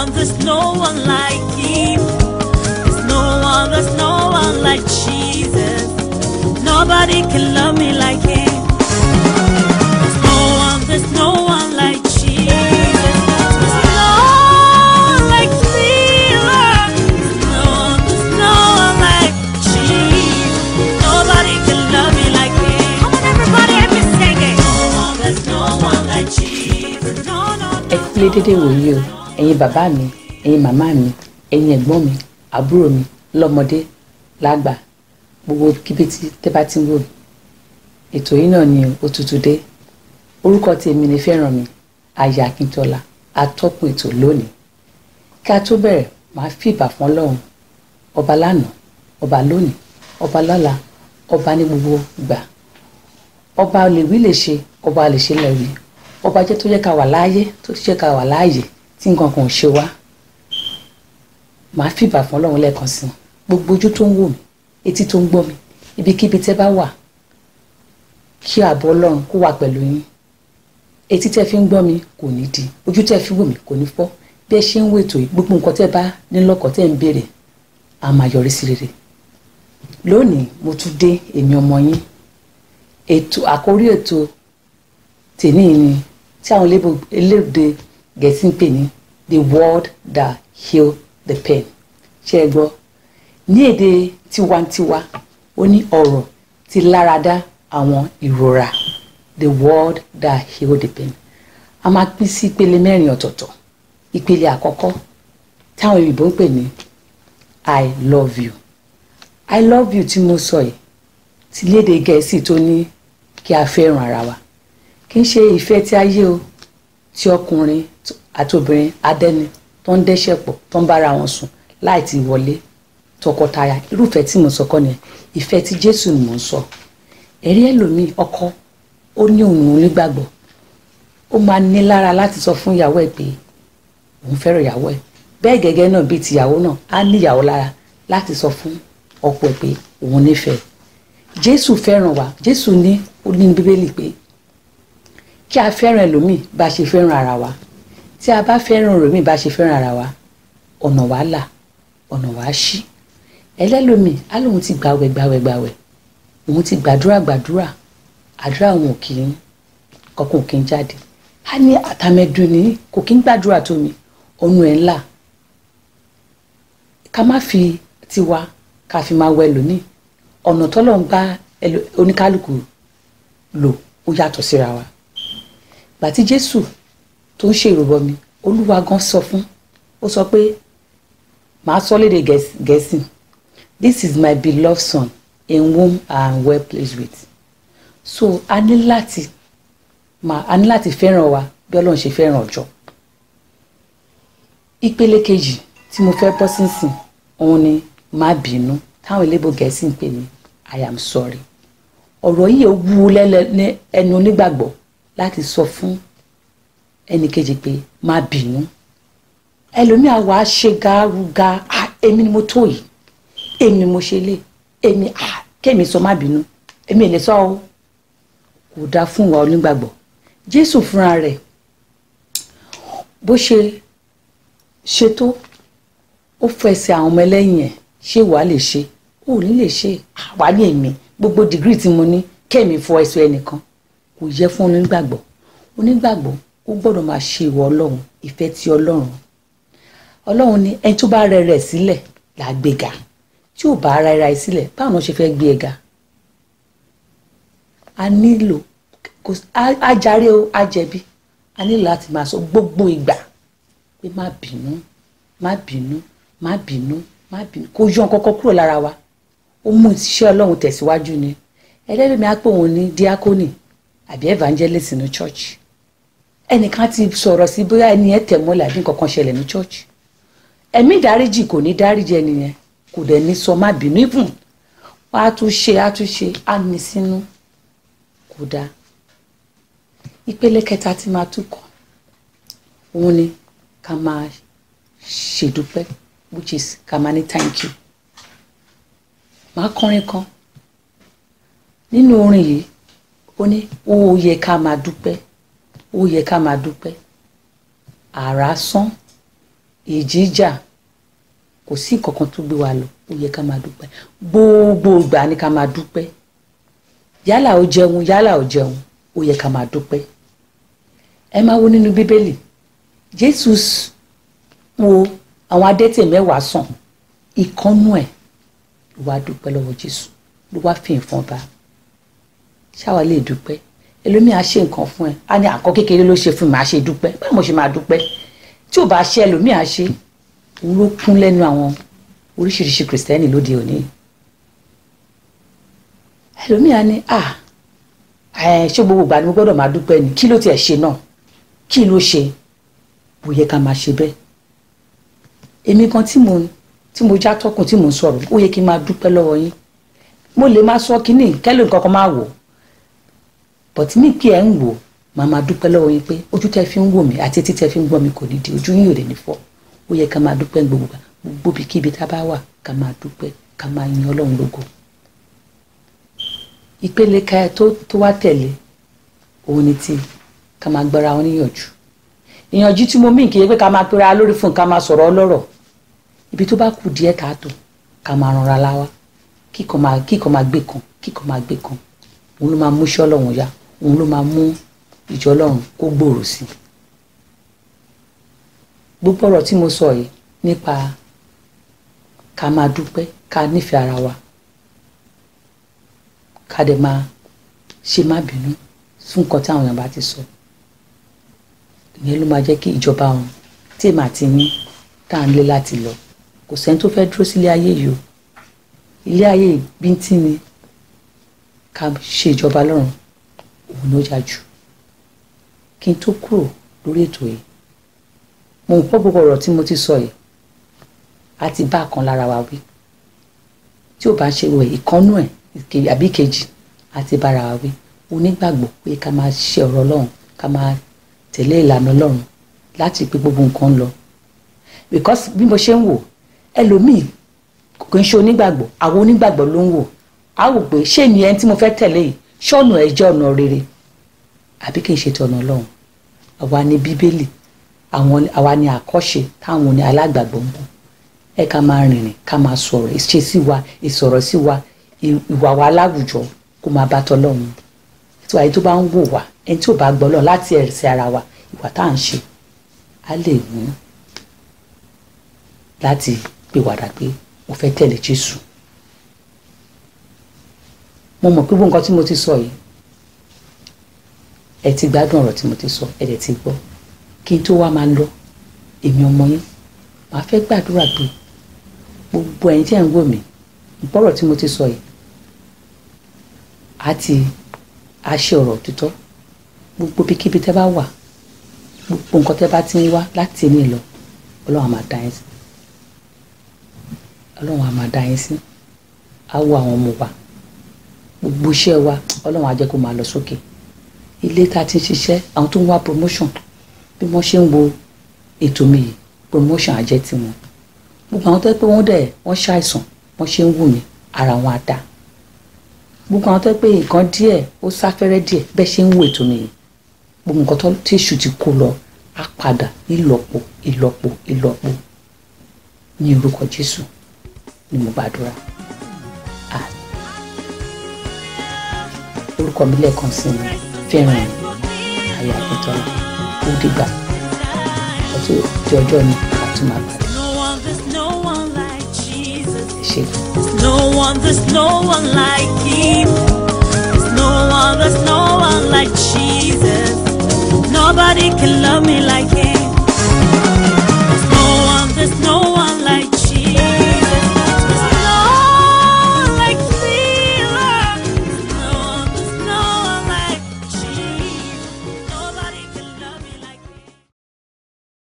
one, there's no one like him. There's no one, there's no one like Jesus. Nobody can love me like him. There's no one, there's no one like Jesus. no one like Jesus. There's no there's no one like Jesus. Nobody can love me like him. Come on, everybody, help me sing it. there's no one like Jesus. No, no, no. no. ẹ̀yin bàbá mi ẹ̀yin màmá mi ẹ̀yin ẹ̀gbọ́n mi àbúrò mi lọ́mọdé lágbà gbogbo kíbi tí tẹ́ bá ti ń wò mí ètò yìí náà ni òtútù dé orúkọ tèmi ni fẹ́ràn mi àyà akíntọ́lá atọ́kùn ètò lónìí kí a tó bẹ̀rẹ̀ màá fìbà fún ọlọ́run ọba lánàá ọba lónìí ọba lọ́la ọba ní gbogbo gbà ọba lèwí lè ṣe ọba lè ṣe lẹ́wí ọba jẹ́ tó jẹ́ ká wà láàyè tó jẹ́ ká wà láàyè tí nǹkan kan ò ṣe wá màá fìbà fún ọlọ́run lẹ́ẹ̀kan sí i gbogbo ojú tó ń wò mí etí tó ń gbọ́ mi ibikíbi tẹ́ bá wà kí ààbò ọlọ́run kó wà pẹ̀lú yín etí tẹ́ fi ń gbọ́ mi kò ní di ojú tẹ́ fi wò mí kò ní fọ́ bí ẹ ṣe ń wètò gbogbo nǹkan tẹ́ bá nílọ́kàn tẹ́ ń béèrè a máa yọrí sí rere lónìí mo tún dé èmi ọmọ yín ètò àkórí ètò tèmi ni tí àwọn eléèbó gẹ̀ẹ́sì pain, pè the word that heal the pain ṣé ẹ gbọ́ ní èdè tiwantiwa ó ní ọ̀rọ̀ tí láradá àwọn ìrora the word that heal the pain a máa pín sí ìpele mẹ́rin ọ̀tọ̀ọ̀tọ̀ ìpele àkọ́kọ́ táwọn òyìnbó ń pè ní i love you i love you tí mo sọ yìí ti léde gẹ̀ẹ́sì tó ní kí a fẹ́ràn ara wa kì í ṣe ìfẹ́ tí ayé o tí ọkùnrin àti obìnrin adẹ́ni tó ń dẹ́ṣẹ̀ pọ̀ tó ń bára wọn sùn láì ti wọlé tọkọtaya irúfẹ́ tí mo sọ kọ́ nìyẹn ìfẹ́ tí Jésù ni mò ń sọ ẹ̀rí ẹlòmíì ọkọ ó ní òun òun nígbàgbọ́ ó máa ní lára láti sọ fún ìyàwó ẹ̀ pé òun fẹ́ràn ìyàwó ẹ̀ bẹ́ẹ̀ gẹ́gẹ́ náà bíi tìyàwó náà á ní ìyàwó lára láti sọ fún ọkọ ẹ̀ pé òun nífẹ̀ẹ́ Jésù fẹ́ràn wa Jésù ní ó ní bíbélì pé kí a fẹ́ràn ẹlòmíì bá a ṣe fẹ́ràn ara wa tí a bá fẹ́ràn ẹlòmíì bá a ṣe fẹ́ràn ara wa ọ̀nà wa là ọ̀nà wa ṣí ẹlẹ́lòmíì á lóun ti gbàwẹ̀ gbàwẹ̀ gbàwẹ̀ òun ti gbàdúrà gbàdúrà àdúrà òun kì í kọkùn kì í jáde á ní àtàmẹ́dùn ní kò kí ń gbàdúrà tó mi ọ̀nà ẹ̀ ńlá ká má fi tiwa ká fi máa wẹ ẹlòmíì ọ̀nà tọ́lọ́ ń gbá oníkálukú lò ó yàtọ̀ síra wa gbàtí jésù tó ń ṣe ìrùbọ mi olúwa gan sọ fún ó sọ pé màá sọ léde gẹ̀ẹ́sì this is my beloved son in whom i am well pleased with so a ní láti máa a ní láti fẹ́ràn wa bí ọlọ́run ṣe fẹ́ràn ọjọ́ ìpele kejì tí mo fẹ́ bọ́ sínsìn òun ni má bínú táwọn elébo gẹ̀ẹ́sì ń pè ní i am sorry ọ̀rọ̀ yìí ó wú lẹ́nu onígbàgbọ́ láti sọ fún ẹnìkejì pé má bínú ẹlòmíà wà á ṣe gaaruga èmi ni mo tó yìí èmi ni mo ṣe lé èmi kémi sọ má bínú èmi ò lè sọ o kò dáa fún ìwà onígbàgbọ́ Jésù fúnra rẹ̀ bó ṣe ṣètò ó fẹsẹ̀ àwọn ọmọ ẹlẹ́yìn ẹ̀ ṣé wàá lè ṣe ò lè ṣe àwa ní èmi gbogbo dìgírì tí mo ní kẹ́mi fọ ẹ̀sùn ẹnìkan kò yẹ fún onígbàgbọ́ onígbàgbọ́ ó gbọ́dọ̀ máa ṣe ìwọ ọlọ́run ìfẹ́ ti ọlọ́run ọlọ́run ni ẹni tó bá rẹ̀ rẹ̀ sílẹ̀ là á gbéga tí ò bá ara ẹ̀ sílẹ̀ báwọn náà ṣe fẹ́ gbé ẹ ga a nílò kò ajarí o ajẹ̀bi a nílò láti máa sọ gbogbo ìgbà pé má bínú má bínú má bínú má bínú kò yọ nǹkankan kúrò lára wa ó mú iṣẹ́ ọlọ́run tẹ̀síwájú ni ẹlẹ́rìí mi á pè wọ́n ní díákónì àbí evangelist ní church ẹnìkan ti sọ̀rọ̀ sí bóyá ẹni ẹ tẹ̀ mọ́lẹ̀ àbí ṣẹlẹ̀ ní church ẹ̀mí dáríjì kò ní dáríjì ẹnìyẹn kò dẹ̀ ní sọ má bínú ìbùn wàá tún ṣe á tún ṣe á ní sínú kò dáa ìpele kẹta tí máa tún kàn òun ni ká máa ṣèdúpẹ́ which is ká máa ní thank you màá kọrin kan nínú orin yìí ó ní ó yẹ ká máa dúpẹ́ ó yẹ ká máa dúpẹ́ àrá sán ìjíjà kò sí nǹkan kan tó gbé wa lọ ó yẹ ká máa dúpẹ́ gbogbo ìgbà ni ká máa dúpẹ́ yálà ó jẹun yálà ó jẹun ó yẹ ká máa dúpẹ́ ẹ máa wo nínú bíbélì jésù wo àwọn adẹ́tẹ̀ mẹ́wàá sàn ìkọ́nú ẹ̀ wá dúpẹ́ lọ́wọ́ jésù ló wá fi nǹkan bá a ṣáwa lè dúpẹ́ ẹlòmíì á ṣe nǹkan fún ẹ á ní àkọ́ kékeré ló ṣe fún mi á ṣe dúpẹ́ báwo mo ṣe máa dúpẹ́ tí ò bá ṣe ẹlòmíì á ṣe òun ló kún lẹ́nu àwọn oríṣiríṣi kìrìsìtẹ́nì lóde òní ẹlòmíì á ní à ṣé gbogbo ìgbà ni mo gbọ́dọ̀ máa dúpẹ́ ni kí ló tiẹ̀ ṣe náà kí ló ṣe bó yẹ ká máa ṣe bẹ́ẹ̀ èmi kan tí mo tí mo já tọkùn tí mo ń sọ̀rọ̀ ó yẹ kí n máa dúpẹ́ lọ́wọ́ yín mo lè máa sọ kínní kẹ́lò nǹkan kan máa wò ó but ní kí ẹ ń wò màá máa dúpẹ́ lọ́wọ́ yín pé ojú tẹ́ fi ń wò mí àti etí tẹ́ fi ń gbọ́ mi kò ní di ojú yín ò lè ní fọ́ ó yẹ ká máa dúpẹ́ gbogbo gbogbo ibikíbi tá a bá wà ká máa dúpẹ́ ká máa yin ọlọ́run lógo ìpele ká tó tó wá tẹ̀lé òun ni ti ká máa gbára wọn níyànjú ìyànjú tí mo mí kì í pé ká máa pera lórí fún ká máa sọ̀rọ̀ ọlọ́rọ̀ ibi tó bá kù díẹ̀ káàtó ká máa ranra láwa kíkan máa gbé kan kíkan máa gbé kan òun ló máa múṣọ́ lọ́wọ́n yá òun ló máa mú ìjọ ọlọ́run kó gbòòrò sí i gbogbo ọ̀rọ̀ tí mo sọ yìí nípa ká máa dúpẹ́ ká nífẹ̀ẹ́ ara wa ká dẹ̀ máa ṣe má bínú fún nǹkan táwọn èèyàn bá ti sọ ìyẹn ló máa jẹ́ kí ìjọba wọn tí èèmà ti tá à ń lé láti lọ kò sẹ́ni tó fẹ́ dúró sílé ayé yìí o ilé ayé bíntín ni ká ṣe ìjọba lọ́run òun ló jà jù kí n tó kúrò lórí ètò yìí mo ń pọ́ gbogbo ọ̀rọ̀ tí mo ti sọ yìí a ti bá kan lára wa wí tí ò bá ṣe wẹ̀ ìkánú ẹ̀ àbí kejì a bára wa wí onígbàgbọ́ pé ká máa ṣe ọ̀rọ̀ ọlọ́run ká máa tẹ̀lé ìlànà ọlọ́run láti pé gbogbo nǹkan ń lọ because bí mo ṣe ń wò ẹlòmíì kò ń ṣe onígbàgbọ́ àwọn onígbàgbọ́ ló ń wò á wò pé ṣé ènìyàn tí mo fẹ́ tẹ̀lé yìí ṣọ́nà ẹ jẹ́ ọ̀nà rere àbí kì í ṣe ti ọ̀nà ọlọ́run àwa ni bíbélì àwa ni àkọ́ṣe táwọn ni alágbàgbọ́ ń bọ̀ ẹ ká máa rìnrìn ká máa sọ̀rọ̀ ìṣe sí wa ìsọ̀rọ̀ sí wa ìwà wa láwùjọ kó máa bá tọlọ́run tí wàá tó bá ń wò wá ẹni tí ò bá gbọ́ lọ láti ẹ̀sẹ̀ ara wa ìwà tá à ń ṣe á lè mú láti pèwàdà pé mo fẹ́ tẹ̀lé Jésù mo mọ̀ pé gbogbo nǹkan tí mo ti sọ yìí ẹ ti gbádùn ọ̀rọ̀ tí mo ti sọ ẹ dẹ̀ ti gbọ́ kí n tó wá máa lọ èmi ọmọ yín màá fẹ́ gbàdúrà pé gbogbo ẹ̀yin tí ẹ̀ ń wò mí ìpọ́rọ̀ tí mo ti sọ yìí àti àṣẹ ọ̀rọ̀ òtítọ́ gbogbo bíkíbi tẹ́ bá wà gbogbo nǹkan tẹ́ bá ti ń wá láti ní lọ ọlọ́run á máa sí ọlọ́run á máa sí á àwọn ọmọ wa gbogbo iṣẹ́ wa ọlọ́run á jẹ́ kó máa lọ sókè ilé tá a ti ń ṣiṣẹ́ àwọn tó ń wá promotion bí wọ́n ṣe ń wo ètò mi yìí promotion á jẹ́ tiwọn gbogbo àwọn tó yẹ pé wọ́n dẹ̀ wọ́n ṣàìsàn wọ́n ṣe ń wù mí ara wọn á dà gbogbo àwọn tó yẹ pé nǹkan díẹ̀ ó sáfẹ́rẹ́ díẹ̀ bẹ́ẹ̀ ṣe ń wo ètò mi gbogbo nǹkan tó ti ṣù ti kó lọ á padà ìlọ́po ìlọ́po ìlọ́po ní orúkọ Jésù ni mo gbàdúrà. orúkọ mi sí mi fẹ́ràn ayé àpótọ́lá ó dìgbà ọtún di ọjọ́ mi àtún máa bàdé. ṣe. no one, there's no one like him. no one, there's no one like Jesus. Nobody can love me like him.